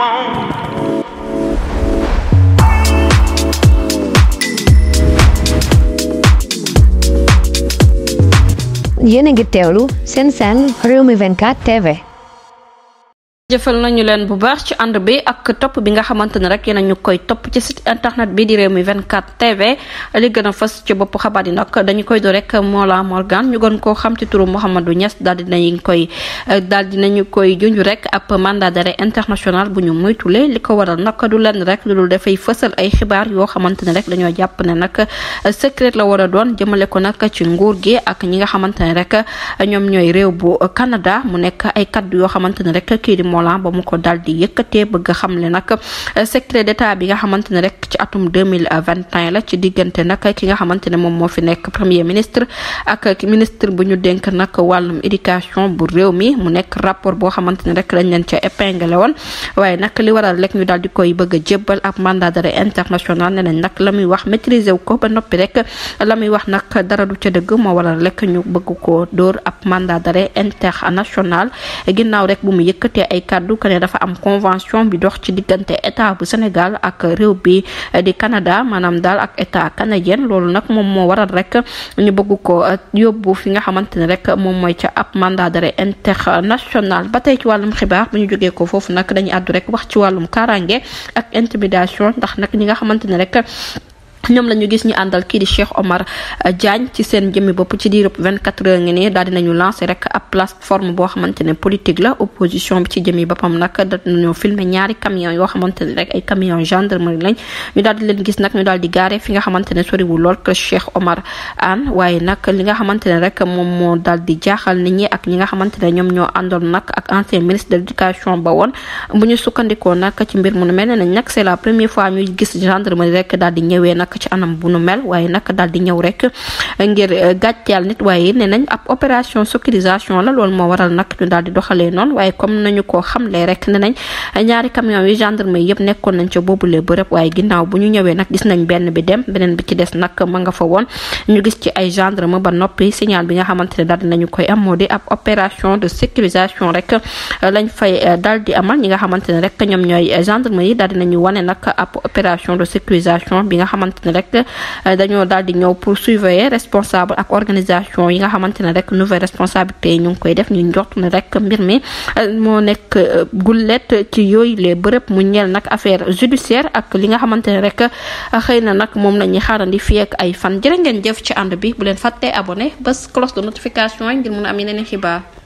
want. Jene sen sen, Rumi Venkat TV. jëfal nañu leen bu baax ci ànd bi ak topp bi nga xamante ne rek yéen ñu koy topp ci site internet bii di réew mi 24 TV li gën a fës ci bopp xabaar yi nag dañu koy do rek Mollah Morgan ñu gën koo xam ci turu Mouhamadou Niass daal di nañu koy daal di nañu koy junj rek ab mandat d'arrêt international bu ñu moytule li ko waral nag du leen rek lu dul dafay fësal ay xibaar yoo xamante ne rek dañoo jàpp ne nag secret la war a doon jëmale ko nag ci nguur gi ak ñi nga xamante ne rek ñoom ñooy réew bu Canada mu nekk ay kaddu yoo xamante ne rek kii Molan ba mu ko dal di xam le nag euh, secret d'état bi nga xamante ne rek ci atum 2021 la ci diggante ne moom moo fi nekk premier ministre ak ministre bu ñu dénk nag wàllum éducation bu réew mi mu nekk rapport boo xamante ne rek dañ leen ca épinglé woon waaye nag li waral rek ñu daal di koy bëgg a jébbal ab mandat d'arrêt international ne nañ nag la muy wax maîtriser wu ko ba noppi rek la muy wax nag dara du ca dëgg moo waral rek ñu bëgg ko dóor ab mandat d'arrêt international ginnaaw rek bu mu yëkkatee kàddu que ne dafa am convention bi dox ci diggante état bu Sénégal ak réew bi di Canada maanaam daal ak état canadien loolu nag moom moo waral rek ñu bëgg ko euh, yóbbu fi nga xamante ne rek moom mooy ca ab mandat d'arrêt international ba tey ci wàllum xibaar bu ñu jógee ko foofu nag dañuy àddu rek wax ci wàllum kaaraange ak intimidation ndax nag ñi nga xamante rek ñoom la ñu gis ñu àndal kii di Omar eh, Diagne ci seen jëmmi bopp ci diirub 24 heures ngi nii daal dinañu lancé rek ab plateforme boo xamante ne politique la opposition bi ci jëmmi boppam nag dañoo filmé ñaari camion yoo xamante rek ay camion gendarmerie lañ ñu daal di leen gis nag ñu daal di gaare fi nga xamante ne soriwul lool que Cheikh Omar Anne waaye nag li nga xamante ne rek moom moo daal di jaaxal ni ñi ak ñi nga xamante ne ñoom ñoo àndoon nag ak ancien ministre de l' éducation ba woon bu ñu sukkandikoo nag ci rek daal di ñëwee nag nag ci anam bu nu mel waaye nag daal di ñëw rek ngir eh, gàccaal nit waaye ne nañ ab opération sécurisation la loolu moo waral nag daal di doxalee noonu waaye comme nañu ko xamlee rek ne ñaari camion yi gendarme yi yëpp nekkoon nañ ca boobule bërëb waaye ginnaaw bu ñu ñëwee nag gis nañ benn bi dem beneen bi ci des nag ma nga fa woon ñu gis ci ay gendarme ba noppi signal bi nga xamante ne daal di koy am moo di ab opération de sécurisation rek eh, lañ fay eh, daal di amal ñi nga xamante ne rek ñoom ñooy gendarme yi daal di nañu wane nag opération de sécurisation bi nga xamante xamante rek euh, dañoo daal di ñëw pour surveiller responsable ak organisation yi nga xamante ne rek nouvelle responsabilité yi ñu ngi koy def ñu njort na rek mbir mi euh, moo nekk euh, gullet ci yooyu les bërëb mu ñeel nag affaire judiciaire ak li nga xamante ne rek xëy na nag moom la ñuy xaarandi fii ay fan jërë ngeen jëf ci ànd bi bu leen fàttee abonné bés cloche de notification yi ngir mun a am yeneen xibaar